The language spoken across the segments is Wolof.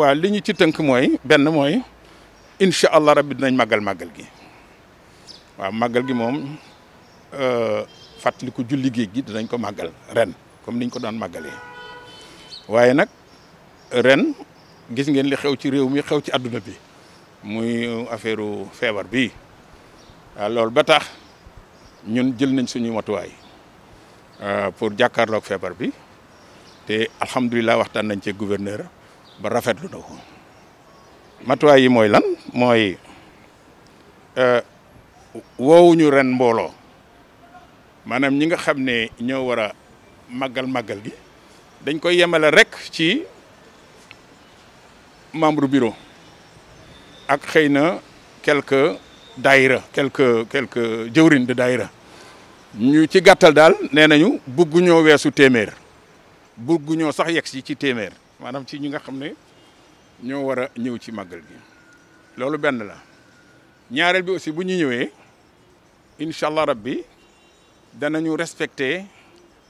waa li ñu ci tënk mooy benn mooy incha allah bi dinañ màggal màggal gi waaw màggal gi moom euh, fàttaliku julli géej gi dinañ ko màggal ren comme niñ ko daan màggalee waaye nag ren gis ngeen li xew ci réew mi xew ci àdduna bi muy affaire feebar bi waaw loolu ba tax ñun jël nañ suñuy matuwaay euh, pour jàkkaarloog feebar bi te alhamdulilah waxtaan nañ ci gouverneur ba rafet na ko matuwaay yi mooy lan mooy euh, wowuñu ren mbooloo maanaam ñi nga xam ne ñoo war a màggal màggal gi dañ koy yemale rek ci membre bureau ak xëy na quelques daayira quelque quelques jëwrin de daayira ñu ci gàttal daal nee nañu bugg ñoo weesu téeméer bugg ñoo sax yegg si ci téeméer maanaam ci ñi nga xam ne ñoo war a ñëw ci màggal bi loolu benn la ñaareel bi aussi bu ñu ñëwee incha allah rabbi danañu respecter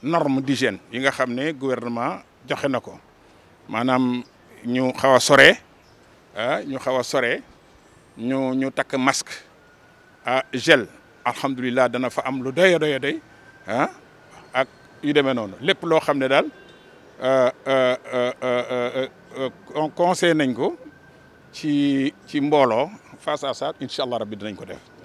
norme d'hygiène yi nga xam ne gouvernement joxe na ko maanaam ñu xaw a sore ah ñu xaw a sore ñu ñu takk masque ah gel alhamdulilah dana fa am lu doy a doy a ak yu demee noonu lépp loo xam ne daal. conseil que ko ci ci mbooloo face à ça inshallah rabbi dinañ ko def